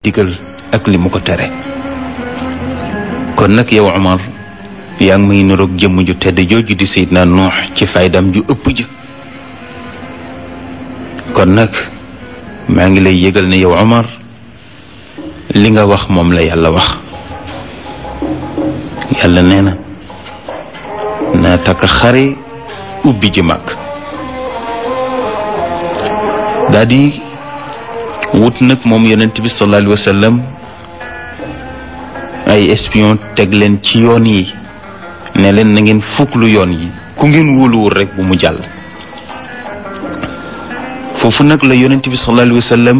digal ak li mu ko tere kon nag yow Omar yaa ngi may niroog jëmm ju tedd jooju di Seydina Nuux ci faydam ju ëpp ji kon nag maa ngi lay yëgal ne yow Omar li nga wax moom la yàlla wax yàlla nee na naa takk xare ubbi ji mag daldi wut nag moom yonent bi sallallahu alayhi ay espion teg leen ci yoon yi ne leen na ngeen fukk lu yoon yi ku ngeen wóoluwul rek bu mu jàll foofu nag la yonent bi sallallahu alayhi wa sallam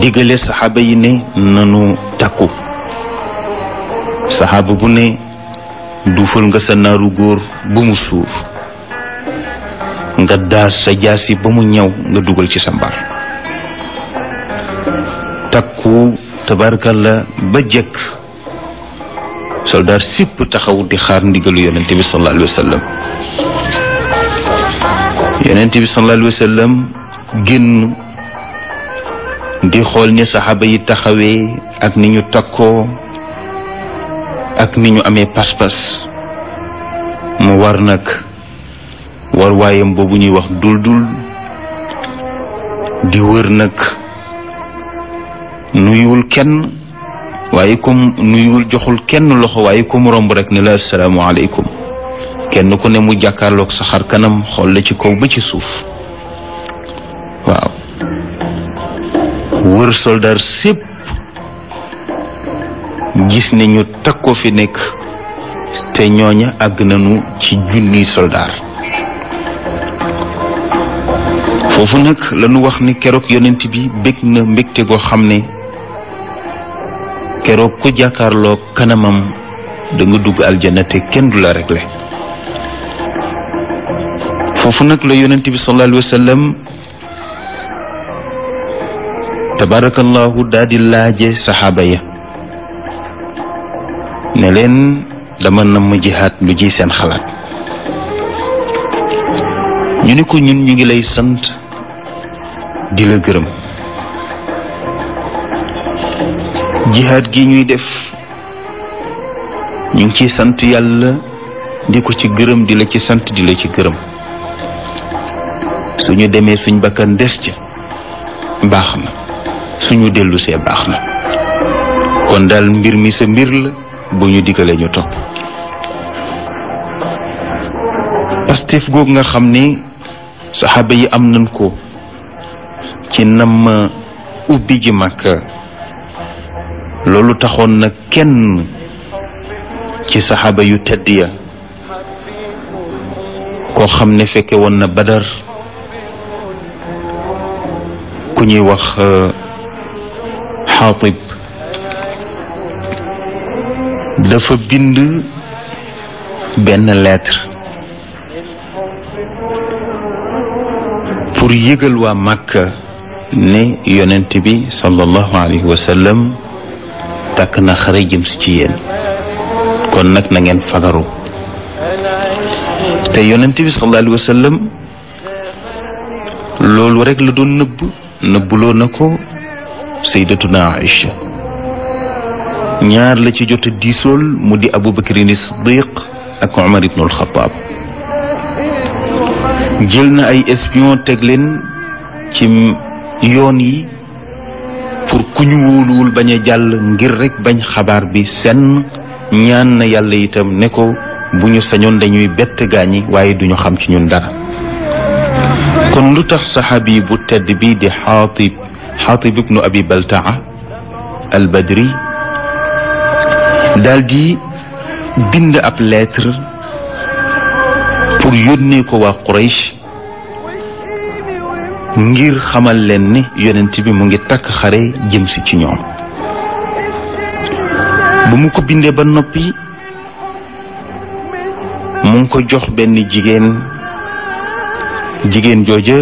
digale saxaaba yi ne nanu takku saxaaba bu ne duufal nga sa naaru góor bu mu suur nga daas sa jaasi ba mu ñëw nga dugal ci sa mbar takku tabarkalla ba jëkk soldaar sipp taxaw di xaar ndigalu yonente bi sallallahu alayhi wa sallam yonente génn di xool ni saxaaba yi taxawee ak ni ñu takkoo ak ni ñu amee pas-pas mu war nag war boobu ñuy wax dul dul di wër nag nuyuwul kenn waaye comme nuyuwul joxul kenn loxo waaye comme romb rek ne la asalaamaaleykum kenn ku ne mu jàkkaarloog sa xar kanam xool la ci kaw ba ci suuf waaw wër soldaar sépp gis ne ñu takko fi nekk te ñooña àgg nañu ci junniy soldaar foofu nag la nu wax ni keroog yonent bi bég na mbégte goo xam ne keroog ko jàkkaarloo kanamam danga dugg aljana te kenn du la réglé foofu nag la yonent bi sallallahu alayhi wa sallam tabarakallahu daal di laaje saxaaba ya ne leen dama na mu jihaat lu ji seen xalaat ñu ni ko ñun ñu ngi lay sant di la gërëm jihaad gi ñuy def ñu ngi ciy sant yàlla di ko ci gërëm di la ci sant di la ci gërëm su ñu demee suñ bakkan des ca baax na suñu dellusee baax na kon daal mbir mi sa mbir la bu ñu diggalee ñu topp Pastef googu nga xam ni saxaaba yi am nañ ko ci namm ubbi ji màkka loolu taxoon na kenn ci saxaaba yu tedd ya koo xam ne fekke na badar ku ñuy wax xaatib euh, dafa bind benn lettre pour yëgal waa màkka ne yonent bi sallallahu alayhi wa takk na xare jëm si ci yéen kon nag na ngeen fagaru te yonent bi sallallahu alayhi wa sallam loolu rek la doon nëbb nëbbuloo na ko saydatuna Aïcha ñaar la ci jot a diisool mu di Abu Bakrin Siddiq ak Omar ibnu Alxataab jël na ay espion teg ci yoon yi pour ku ñu wóoluwul bañ a jàll ngir rek bañ xabaar bi seen ñaan na yàlla itam ne ko bu ñu sañoon dañuy bett gaañi waaye duñu xam ci ñun dara kon lu tax saxaabi bu tedd bi di xaatib xaatib ibnu abi baltaa al badri bind ab lettre pour yónnee ko waa Quraysh ngir xamal leen ni yonent bi mu ngi takk xare jëm si ci ñoom bu mu ko bindee ba noppi mu ngi ko jox benn jigéen jigéen jooja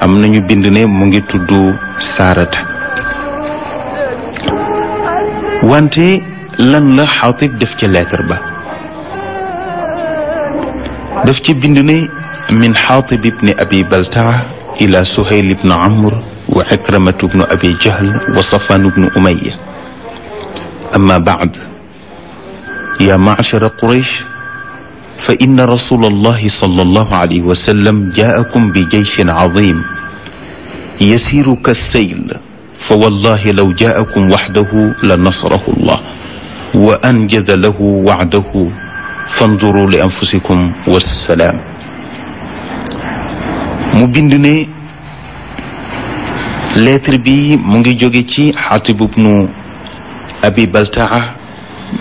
am nañu bind ne mu ngi tudd saarata wante lan la xatib def ca lettre ba def ci bind ne min xaatib ibni abi baltaa ila suhayl ibnu amr wa ikramatu ibnu abi jahl wa safaan ibnu umaya amma baad yaa maachara quraysh fa inna rasula allahi sallallahu alayhi wa sallam jaakum bi jayshin azim yasiru ka sayl fa wallahi law jaakum waxdahu la nasarahu llah wa anjada lahu wacdahu fanzuru li anfusikum wassalaam mu bind ne lettre bi mu ngi jóge ci xatib ibnu abi baltaa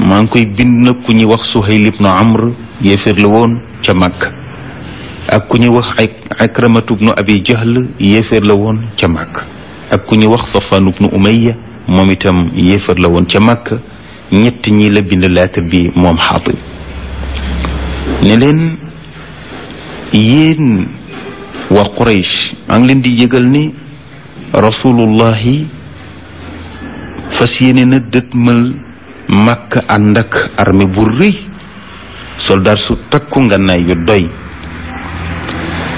maa ngi koy bind nag ku ñuy wax suhayl ibnu amr yéeféer la ca màkk ak ku ñuy wax ikramatu abi jahl yéeféer ca màkk ak ku ñuy wax safaan ibnu umayya moom itam yéeféer ca màkk ñett ñi la bind lettre bi moom xatib ne leen wax quraysh maa leen di yëgal ni rasulullahi fas yéene na dëtmal màkk ànd ak armée bu rëy soldat su takku ngànnaay yu doy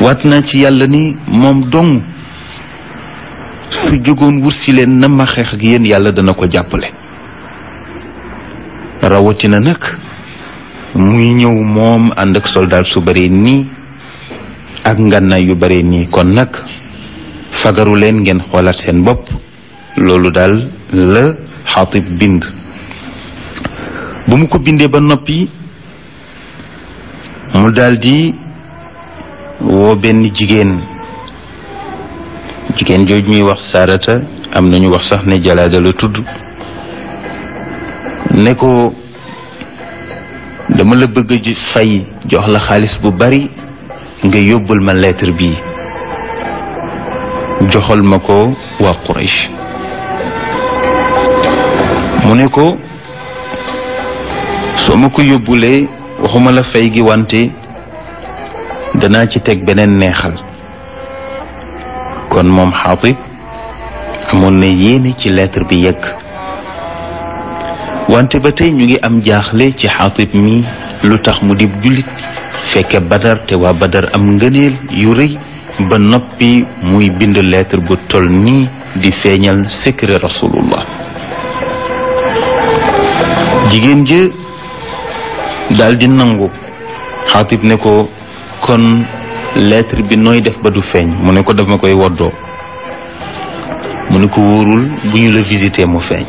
waat naa ci yàlla ni moom dong su jógoon wursi leen na ak yéen yàlla dana ko jàppale rawatina nag muy ñëw moom ànd ak soldat su bare nii ak ngànnaay yu bare nii kon nag fagaru leen ngeen xoolaat seen bopp loolu daal la xaatib bind bu mu ko bindee ba noppi mu daldi woo benn jigéen jigéen jooj ñuy wax saarata am na ñu wax sax ne jalaada la tudd ne ko dama la bëgg fay jox la xaalis bu bari nga yóbbul ma lettre bi joxal ma ko waa Quraysh mu ne ko soo ma ko yóbbulee waxuma la fay gi wante danaa ci teg beneen neexal kon moom xaatib amoon na yéene ci lettre bi yegg wante ba tey ñu ngi am jaaxle ci xaatib mi lu tax mu di jullit fekke badar te waa badar am ngëneel yu rëy ba noppi muy bind lettre bu toll nii di feeñal secret rasulullah jigéen jë daldi di nangu xaatib ne ko kon lettre bi nooy def ba du feeñ mu ne ko daf koy woddoo mu ne ko wóorul bu ñu la visité mu feeñ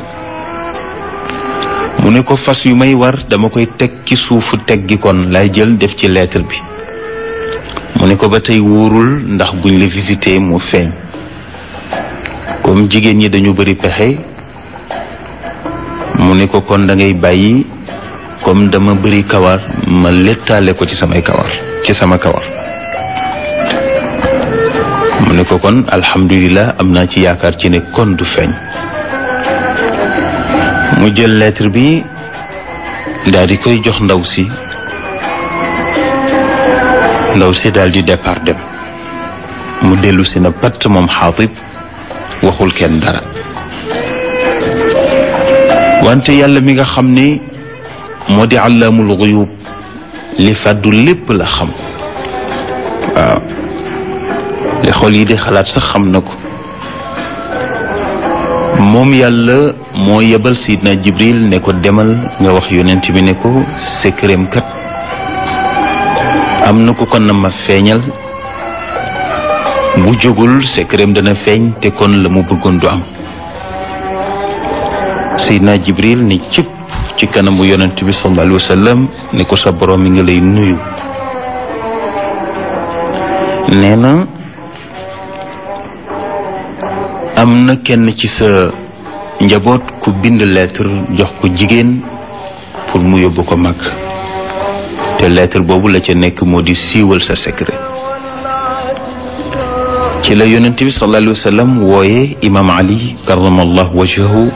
mu ne ko fas yu may war dama koy teg ci suufu teg gi kon laay jël def ci lettre bi mu ne ko ba tey wóorul ndax buñ la visité mu feeñ comme jigéen ñi dañu bari pexe mu ne ko kon dangay bàyyi comme dama bari kawar ma lettaale ko ci samay kawar ci sama kawar mu ne ko kon alhamdulilah am naa ci yaakaar ci ne kon du feeñ mu jël lettre bi daal di koy jox ndaw si ndaw si daal di départ dem mu dellu si na patt moom xaatib waxul kenn dara wante yàlla mi nga xam ni moo di àllaamul xuyub li fàddu lépp la xam waaw li xol yi di xalaat sax xam na ko moom yàlla moo yebal Seydina Jibril ne ko demal nga wax yonent bi ne ko secret am na ko kon na ma feeñal bu jógul secret dana feeñ te kon la mu bëggoon du am Seydina Jibril ne cëpp ci kanamu yonent bi sallallahu alayhi wa ne ko sa borom mi nga lay nuyu nee am na kenn ci sa njaboot ku bind lettre jox ko jigéen pour mu yóbbu ko mag te lettre boobu la ca nekk moo di siiwal sa secret ci la yonent bi sallallahu alayhi wa sallam wooye imaam ali karamallahu wajhahu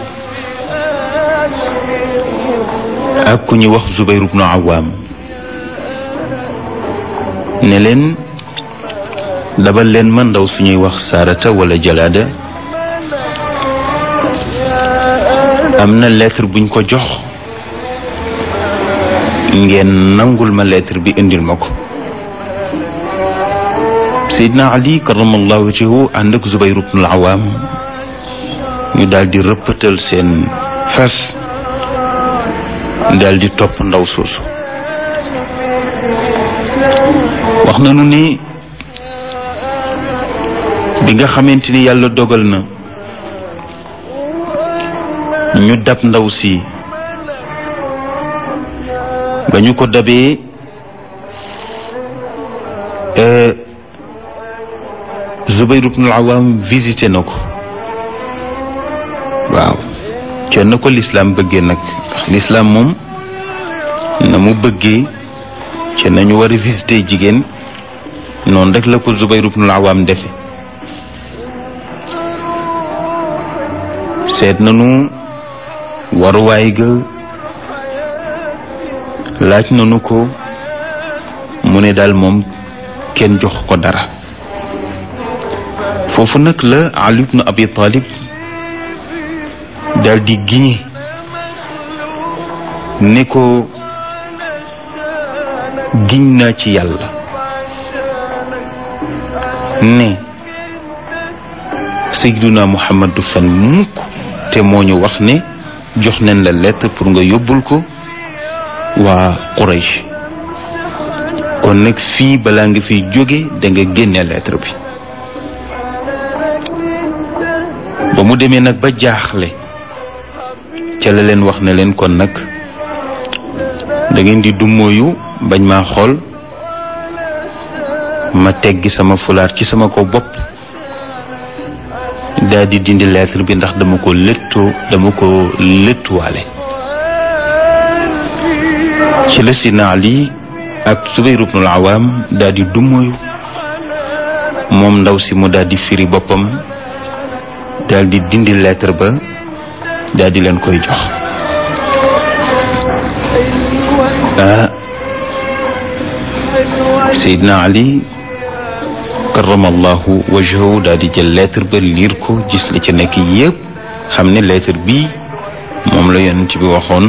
ak ku ñu wax Zubayr ibnu Awaam ne leen dabal leen ma ndaw suñuy wax saarata wala jalaada am na lettre buñ ko jox ngeen nangul ma lettre bi indil ma ko Seydina Ali karamallahu wajhahu ànd ak Zubayr ibn al-Awam ñu daldi di seen fas daldi di topp ndaw soosu wax nañu ni bi nga xamante ni yàlla dogal na ñu dab ndaw si ba ñu ko dabee euh, Zubayr ibnul Awaam visité na ko waaw coon na ko lislaam bëggee nag lislaam moom na mu bëggee ci nañu war a visité jigéen noonu rek la ko Zubayr ibnul Awaam defe seet nañu waruwaay ga laaj nanu ko mu ne daal moom kenn jox ko dara foofu nag la Ali ibn Abi Talib daal di giñe ne ko giñ na ci yàlla ne Seyduna Muhammad du fen mukk te moo ñu wax ne jox nañ la lettre pour nga yóbbul ko waa Quraysh kon nag fii balaa nga fiy jóge danga génne lettre bi ba mu demee nag ba jaaxle ca la leen wax na leen kon nag da ngeen di dummóoyu bañ ma xool ma teggi sama fulaar ci sama ko bopp daal di dindi lettre bi ndax dama ko lëttoo dama ko lëttuwaale ci la Sidna Ali ak Zubayr ibnul Awaam daal di dummoyu moom ndaw si mu daal firi boppam daldi dindi lettre ba daldi leen koy jox ah Seydina karamallahu wajhahu daal di jël lettre ba liir ko gis la ca nekk yépp xam ne lettre bi moom la yonent bi waxoon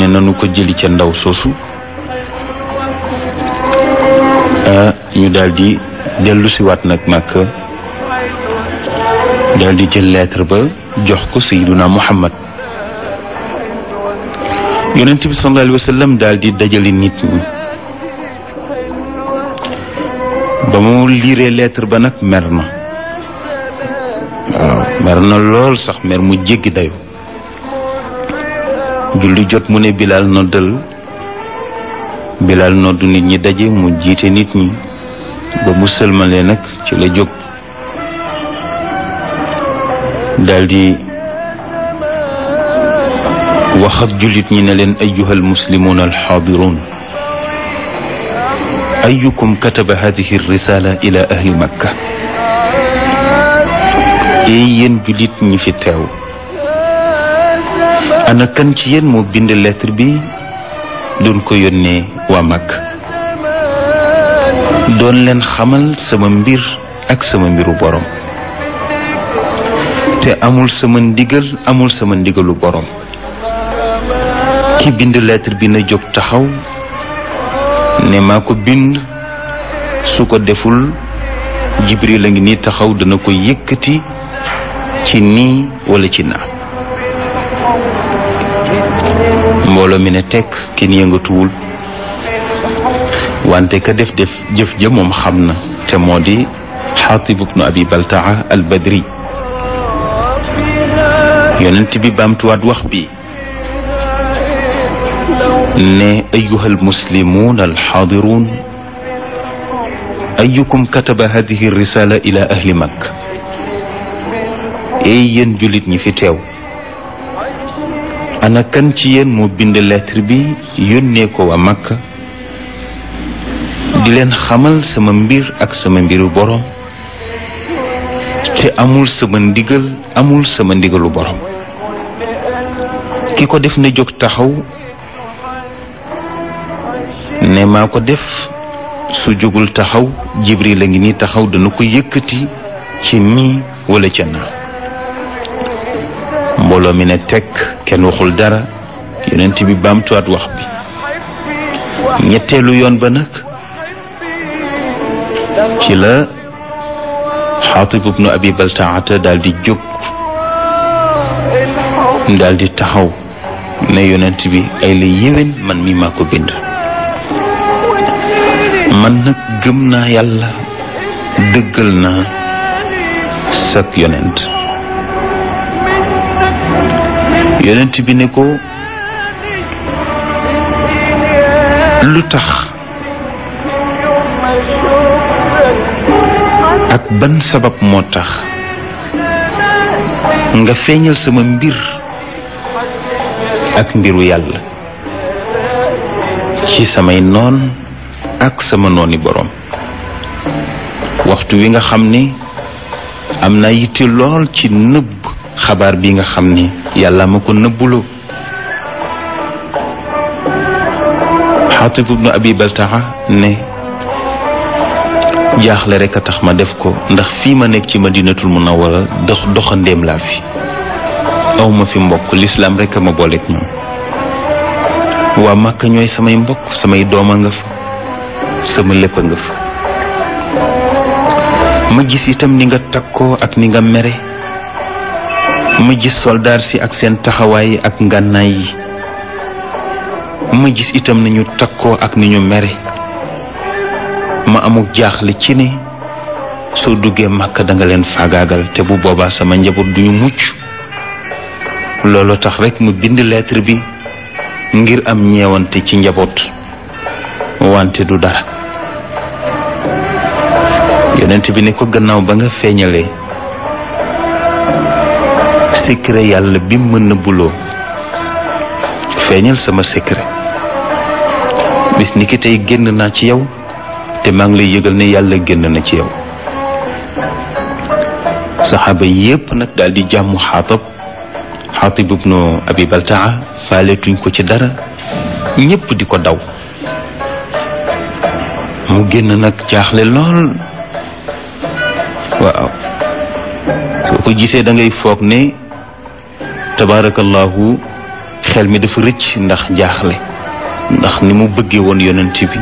ne nanu ko jëli ca ndaw soosu ah, ñu daal di dellu si waat nag Makka daal di jël lettre ba jox ko Seyduna Muhammad yonent bi sallallahu alayhi wa daal di dajale nit ñi ba mu liiree lettre ba nag mer na waaw mer na lool sax mer mu jéggi dayu julli jot mu ne Bilal noddal Bilal noddu nit ñi daje mu jiite nit ñi ba mu sëlmalee nag ci la jóg daldi wax jullit ñi ne leen ayyuhal muslimuuna alxaadirun ayukum kataba hadihi risala ila ahli makka eey yéen jullit ñi fi teew ana ci yéen moo bind lettre bi doon ko yónnee waa mag doon leen xamal sama mbir ak sama mbiru borom te amul sama ndigal amul sama ndigalu borom ki bind lettre bi na jóg taxaw ne maa ko bind su ko deful jibril a ngi nii taxaw dana ko yëkkati ci nii wala ci naa mbooloo mi ne tekk kenn yëngatuwul wante ka def def jëf ja moom xam na te moo di xaatib ibnu abi baltaa al badri yonent bi baamtuwaat wax bi ne ayuha almuslimuun alxaadiruun ayukum kataba hadihi risala ila ahli makka ey yéen jullit ñi fi teew ana kan ci yéen moo bind lettre bi yónnee ko waa makka di leen xamal sama mbir ak sama mbiru borom te amul sama ndigal amul sama ndigalu borom ki ko def na jóg taxaw ne maa ko def su jógul taxaw jibril la ngi nii taxaw dana ko yëkkati ci nii walla ca naa mbooloo mi ne teg kenn waxul dara yonent bi baamtuwaat wax bi ñetteelu yoon ba nag ci la xaatib ibnu abi baltaata daal di jóg daldi taxaw ne yonent bi ay la yéwén man mi maa ko bind man nag gëm naa yàlla dëggal naa sak yonent yonent bi ne ko lu tax ak ban sabab moo tax nga feeñal sama mbir ak mbiru yàlla ci samay noon ak sama nooni boroom waxtu wi nga xam ni am naa yitte lool ci nëbb xabaar bi nga xam ni yàlla ma ko nëbbuloo xaatib ibnu abi baltaxa ne jaaxle rek a tax ma def ko ndax fii ma nekk ci ma dinatul mën madinatul munawwara dox doxandeem laa fi awma fi mbokk lislaam rek a ma booleek ñoom waa màkk ñooy samay mbokk samay dooma nga fa sama lépp a nga ma gis itam ni nga takkoo ak ni nga mere ma gis soldaar si ak seen taxawaay yi ak ngànnaay yi ma gis itam nañu ñu takkoo ak ni ñu mere ma amuk jaaxle ci ni soo duggee màkk danga leen faagaagal te bu boobaa sama njaboot duñu mucc loolu tax rekk mu bind lettre bi ngir am ñeewante ci njaboot wante du dara yonent bi ne ko gannaaw ba nga feeñalee secret yàlla bi mën na buloo feeñal sama secret bis ni ki tey génn naa ci yow te maa ngi lay yëgal ne yàlla génn na ci yow saxaaba yépp nag daldi di jàmm xaatab xaatib ibnu abi baltaa faaletuñ ko ci dara ñépp di ko daw mu génn nag jaaxle lool waaw soo ko gisee dangay foog ne tabaarakallaahu xel mi dafa rëcc ndax jaaxle ndax ni mu bëggee woon yonent bi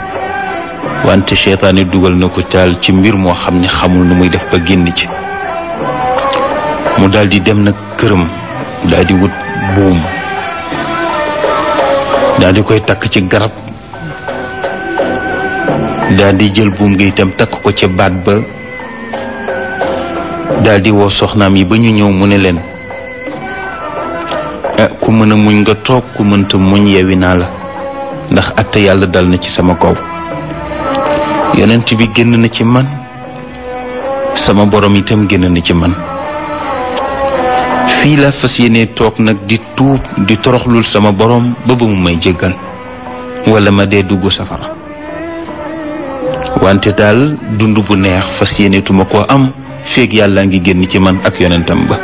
wante seytaane dugal na ko taal ci mbir moo xam ni xamul nu muy def ba génn ci mu daldi dem nag këram daldi wut buum daal koy takk ci garab daldi jël buum gi itam takk ko ca baat ba daldi woo soxnaam yi ba ñu ñëw mu ne leen eh, ku mën a muñ nga toog ku mënta muñ yewi naa la ndax àtte yàlla dal na ci sama kaw yonent bi génn na ci man sama boroom itam génn na ci man fii la fas yéene toog nag di tuub di toroxlul sama borom ba ba mu may jéggal walla ma dee dugg safara wante daal dund bu neex fas yéeneetuma koo am feeg yàlla ngi génn ci man ak yonentam ba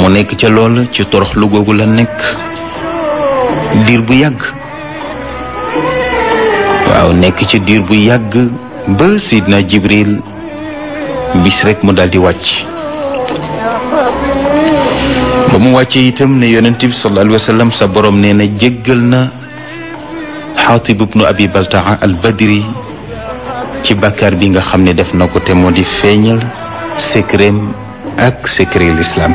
mu nekk ca lool ci torox lu googu la nekk diir bu yàgg waaw nekk ca diir bu yàgg ba Seydina Jibril bis rekk mu daldi wàcc ba mu wàccee itam ne yonent bi sa borom nee na jéggal na xaatib ibnu abi baltaa al badri ci bàkkaar bi nga xam ne def na ko te moo di feeñal secreem ak secret lislaam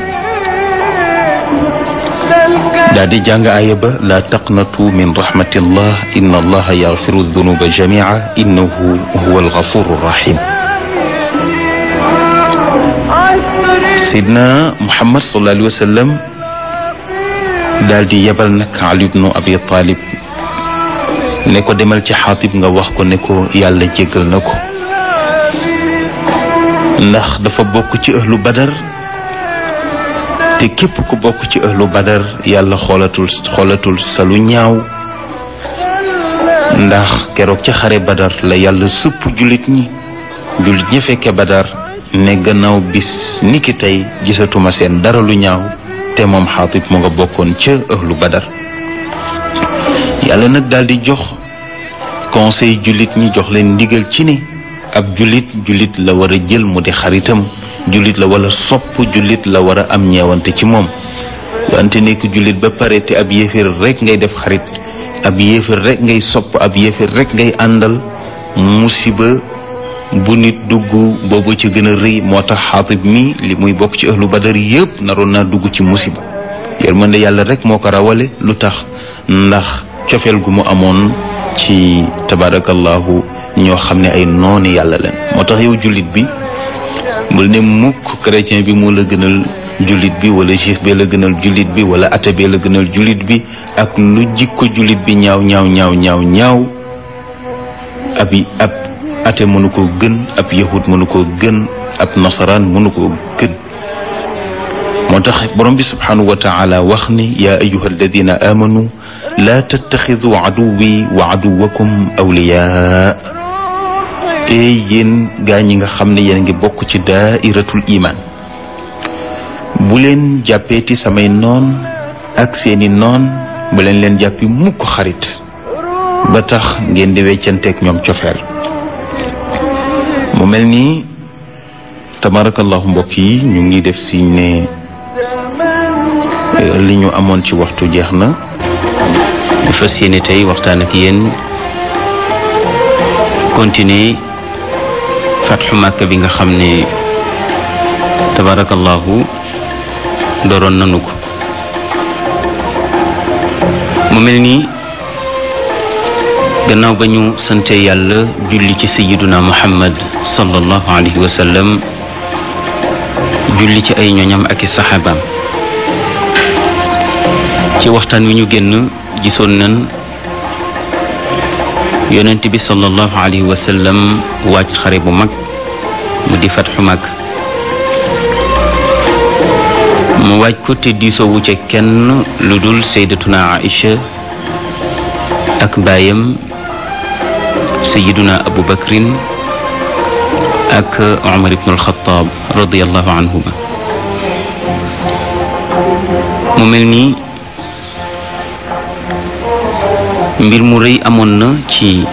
daal di jàng aaya ba laa taqnatu min rahmatillah inna allaha yaxfiru dunuba jamia innahu huwa alxafuru rahim sidna muhammad sallallahu alayhi wa sallam daal di yebal nag ali ibnu abi talib ne ko demal ci xaatib nga wax ko ne ko yàlla jéggal na ko ndax dafa bokk ci ëhlu badar te képp ku bokk ci ëhlu badar yàlla xoolatul sa lu ñaaw ndax keroog ca xare badar la yàlla sëpp jullit ñi jullit ñi fekke badar ne gannaaw bis ni ki tey gisatuma seen dara lu ñaaw te moom xaatib mu nga bokkoon ca ëhlu badar yàlla nag daal di jox conseil jullit ñi jox leen ndigal ci ni ab jullit jullit la wara jël mu di xaritam jullit la wala sopp jullit la war a am ñeewante ci moom wante nekk jullit ba pare te ab yéeféer rek ngay def xarit ab yéeféer rek ngay sopp ab yéeféer rek ngay àndal musiba bu nit dugg boobu ci gën a rëy moo tax xaatib mi li muy bokk ci ahlu badar yëpp naroon naa dugg ci musiba yërmande yàlla rek moo ko rawale lu tax ndax cofeel gu mu amoon ci tabarakallahu ñoo xam ne ay noonu yàlla leen moo tax yow jullit bi bul ne mukk chrétien bi moo la gënal julit bi wala juif bee la gënal julit bi wala athée bee la gënal julit bi ak lu jikko jullit bi ñaaw ñaaw ñaaw ñaaw ñaaw ab ab athée mënu koo gën ab yahud mënu koo gën ab nasaraan mënu koo gën moo tax borom bi subhanahu wa wax ni yaa ayuha alladina amanu laata tattaxidu aduwi wa aduwakum awliyaa ey yéen gaa ñi nga xam ne yéen a ngi bokk ci iratul imaan bu leen jàppeeti samay noon ak seeni noon bu leen leen jàppi mukk xarit ba tax ngeen di weccanteeg ñoom cofeel mu mel nii tabarakallahu mbokk yi ñu ngi def siñ ne euh, li ñu amoon ci waxtu jeex na ñu fas yéene tey waxtaan ak yéen continuer fatxu Màkka bi nga xam ne tabaarakallaahu doroon nanu ko mu mel nii gannaaw ba ñu sante yàlla julli ci sayiduna muhammad sallallahu alayhi wa julli ci ay ñoñam ak i saxaabaam ci waxtaan wi ñu génn gisoon nan yonent bi sallallahu alayhi wa sallam bu mag mu di fatxu mag kenn lu dul sayyidatuna Aïcha ak baayam sayyiduna Abu Bakrin ak Umar ibn al-Khattab radiyallahu anhuma mbir mu rëy amoon na ci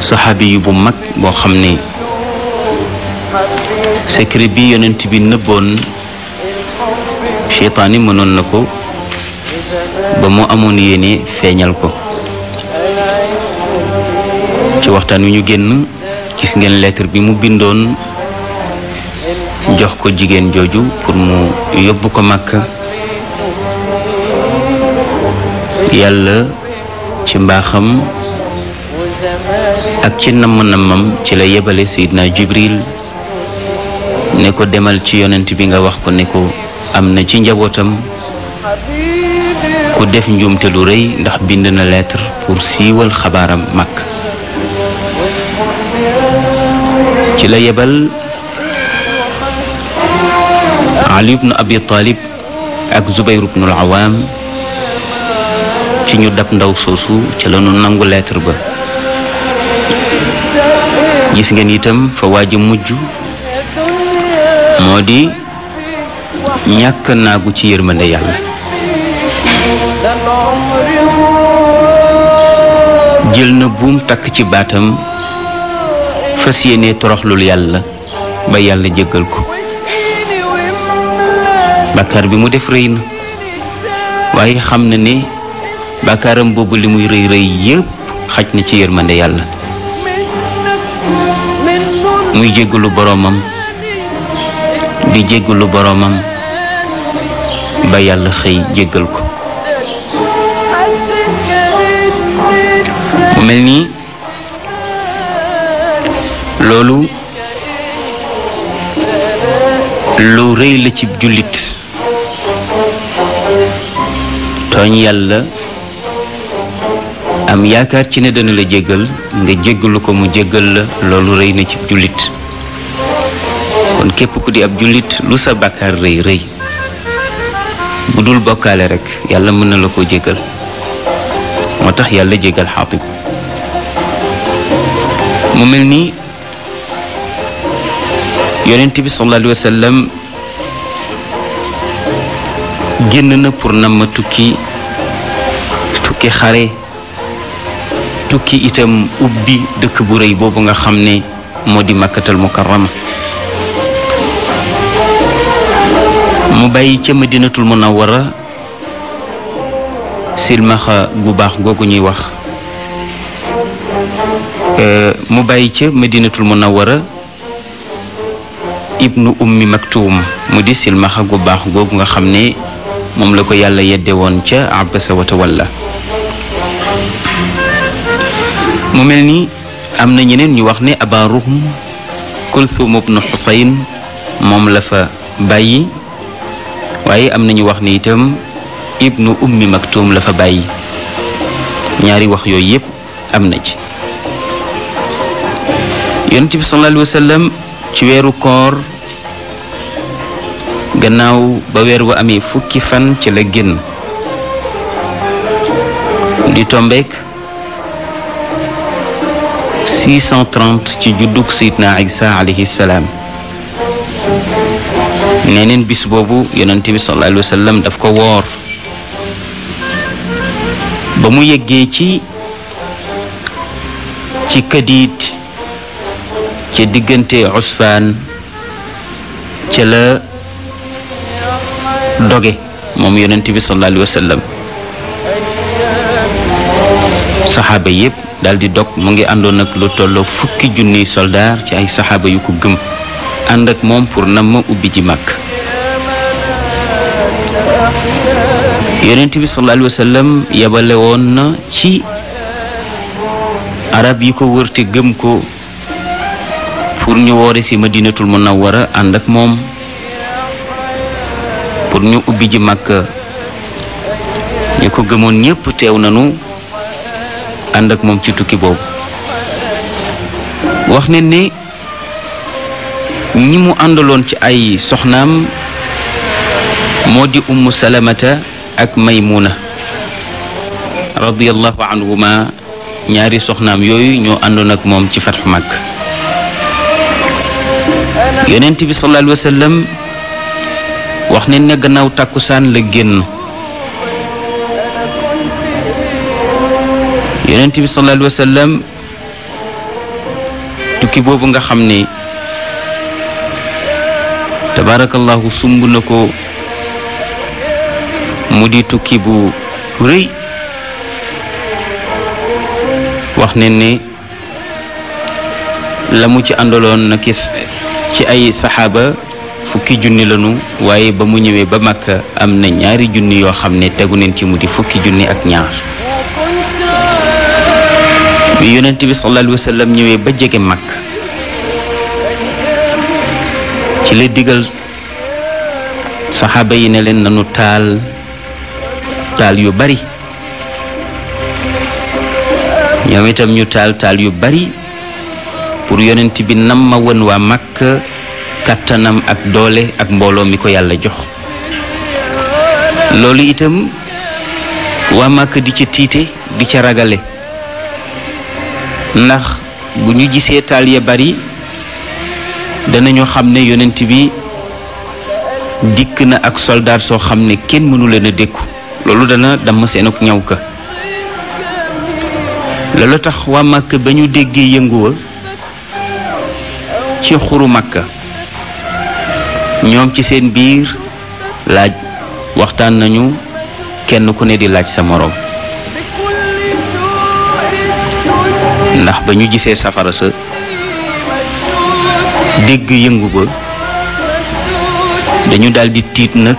saxaabi yu bu mag boo xam ne secret bi yonent bi nëbboon seytaani mënoon na ko ba mu amoon yéene feeñal ko ci waxtaan wi ñu génn gis ngeen lettre bi mu bindoon jox ko jigéen jooju pour mu yóbbu ko Makka yàlla ci mbaaxam ak ci namm ci la yebale Seydina Jibril ne ko demal ci yonent bi nga wax ko ne ko am na ci njabootam ku def njuumte lu rëy ndax bind na lettre pour siiwal xabaaram mag ci la yebal Ali Abi Talib ak Zubayr al-Awam ci ñu dab ndaw soosu ca la ñu nangu lettre ba gis ngeen itam fa waaj a mujj moo di ñàkk naagu ci yërmande yàlla jël na buum takk ci baatam fas yéene toroxlul yàlla ba yàlla jéggal ko bàkkaar bi mu def rëy na waaye xam na ne bàkkaaram boobu li muy rëy rëy yépp xaj na ci yërmande yàlla muy jéggalu boroomam di jéggalu boroomam ba yàlla xëy jéggal ko mu mel nii loolu lu rëy la ci jullit tooñ yàlla am yaakaar ci ne dana la jéggal nga jéggalu ko mu jéggal la loolu rëy na ci jullit kon képp ku di ab jullit lu sa bàkkaar réy rëy bu dul bokkaale rek yàlla mën na la ko jéggal moo tax yàlla jéggal xaatib mu mel ni yonent bi sallallahu génn na pour nam ma tukki tukki xare tukki itam ubbi dëkk bu rëy boobu nga xam ne moo di makkatal mukarrama mu bàyyi ca mën madinatul munawwara silmaxa gu baax googu ñuy wax euh, mu bàyyi ca mën madinatul munawwara ibnu ummi maktuum mu di silmaxa gu baax googu nga xam ni moom la ko yàlla yedde woon ca abasa la mu mel ni am na ñeneen ñu wax ne aba ruhm kulthum ibnu xusayn moom la fa bàyyi waaye am na ñu wax ne itam ibnu ummi maktum la fa bàyyi ñaari wax yooyu yépp am na ci yonent bi sallallahu ci weeru koor gannaaw ba weer wa amee fukki fan ci la génn di tombeek 630 ci juddug Seydina Isa alayhi salaam nee neen bis boobu yonent bi sallallahu alayhi wa sallam daf ko woor ba mu yeggee ci ci Kadiit ca diggante Usfaan ci la doge moom yonent bi sallallahu alayhi wa sallam saxaaba yépp daal di dog mu ngi àndoon ak lu tolloo fukki junniy soldaar ci ay saxaaba yu ko gëm moom pour nam ubbi ji màkk yonent bi sallallahu alayhi yebale woon na ci arab yi ko wër gëm ko pour ñu woore si madinatul munawwara ànd ak moom pour ñu ubbi ji màkk ñi ko gëmoon ñépp teew nanu ànd ak moom ci tukki boobu wax ne ni ñi mu àndaloon ci ay soxnaam moo di ummu salamata ak maymuna radiallahu anhuma ñaari soxnaam yooyu ñoo àndoon ak moom ci fatxu màkk yonent bi wax ne na gannaaw tàkkusaan la génn yonent bi sallallahu alayhi wa tukki boobu nga xam ni tabaarakallahu sumb na ko mu di tukki bu rëy wax ne ni la mu ci àndaloon na kis ci ay saxaaba fukki junni lañu waaye ba mu ñëwee ba Makka am na ñaari junni yoo xam ne tegu neen ci mu di fukki junni ak ñaar bi yonent bi sallallahu alayhi wa ba jege mag ci la digal saxaaba yi ne leen nanu taal taal yu bari ñoom itam ñu taal taal yu bari pour yonent bi nam ma won waa Makka kàttanam ak doole ak mbooloo mi ko yàlla jox loolu itam waa Makka di ca tiite di ca ragale ndax bu ñu gisee taal ya bari danañu xam ne yonent bi dikk na ak soldaar soo xam ne kenn mënu leen a dékku loolu dana damm seen ak ñaw ka loolu tax waa Màkka ba ñu déggee yënguwa ci xuru Màkka ñoom ci seen biir laaj waxtaan nañu kenn ku ne di laaj sa moroom ndax ba ñu gisee safara sa dégg yëngu ba dañu daldi tiit nag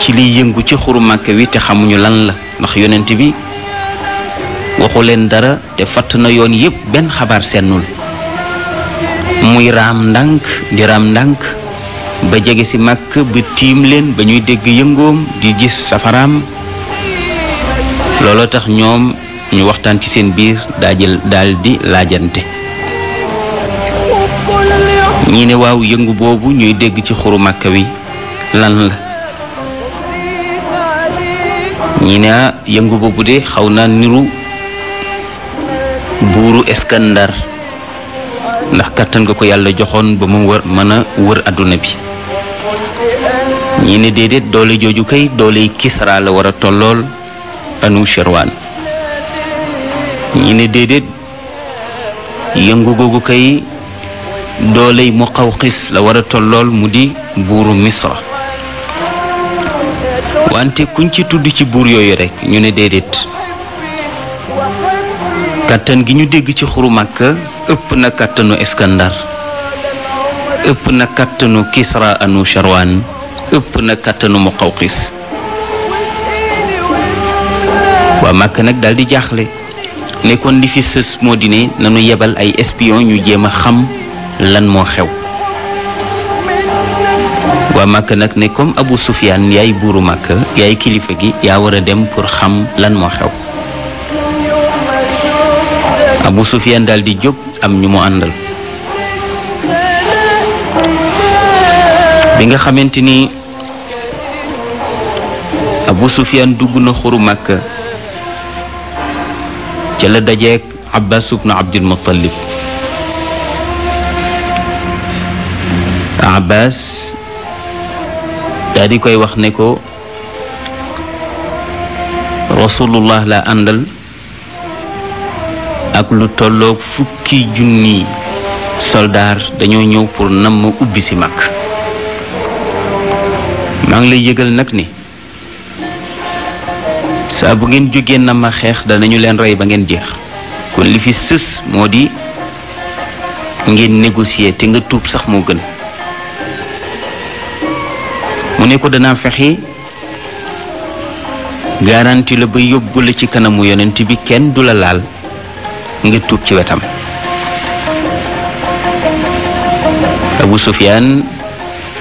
ci liy yëngu ci xuru màkk wi te xamuñu lan la ndax yonent bi waxu leen dara te fàtt na yoon yépp benn xabaar sennul muy raam ndànk di raam ndànk ba jege ci màkk ba tiim leen ba ñuy dégg yëngoom di gis safaraam looloo tax ñoom ñu waxtaan ci seen biir daa jël daal di laajante ñii ne waaw yëngu boobu ñuy dégg ci xuru màkka wi lan la ñii ne ah yëngu boobu de xaw naa niru buuru Iskandar ndax kàttan ga ko yàlla joxoon ba mu wër mën a wër àdduna bi ñii ne déedéet doole jooju kay doole Kisra la war a tollool anu Sherwaan ñu ne déedéet yëngu googu kay xaw xiis la war a tollool mu di buuru Misra wante kuñ ci tudd ci buur yooyu rekk ñu ne déedéet kàttan gi ñu dégg ci xuru Màkka ëpp na kàttanu Iskandar ëpp na kàttanu Kisra anu Sharwan ëpp na kàttanu Muqawqis waa Màkka nag daldi di jaaxle ne kon li fi sës moo di ne nanu yebal ay espion yu jéem a xam lan moo xew waa Màkka nag ne comme Abu Sufyaan yaay buuru Màkka yaay kilifa gi yaa war a dem pour xam lan moo xew Abu Sufyaan daal di jóg am ñu mu àndal bi nga xamante ni Abu Sufyaan dugg na xuru Màkka ca daje dajeeg abbas ubnu abdul muttalib abbas daa di koy wax ne ko rasulullah la àndal ak lu tolloog fukki junni soldaar dañoo ñëw pour nam ubbi si mag maa ngi lay yëgal nag ni saa bu ngeen jógee na ma xeex danañu leen rey ba ngeen jeex kon li fi sës moo di ngeen négocier te nga tuub sax moo gën mu ne ko danaa fexe garanti ba yóbbu la ci kanamu yonent bi kenn du la laal nga tuub ci wetam Abu Sufyaan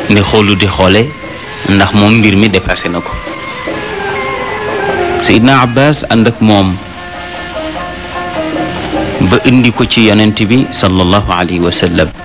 ne xoolu di xoole ndax moom ngir mi dépassé na ko Seydina Abbas ànd ak moom ba indi ko ci yonent bi sallallahu alayhi wa sallam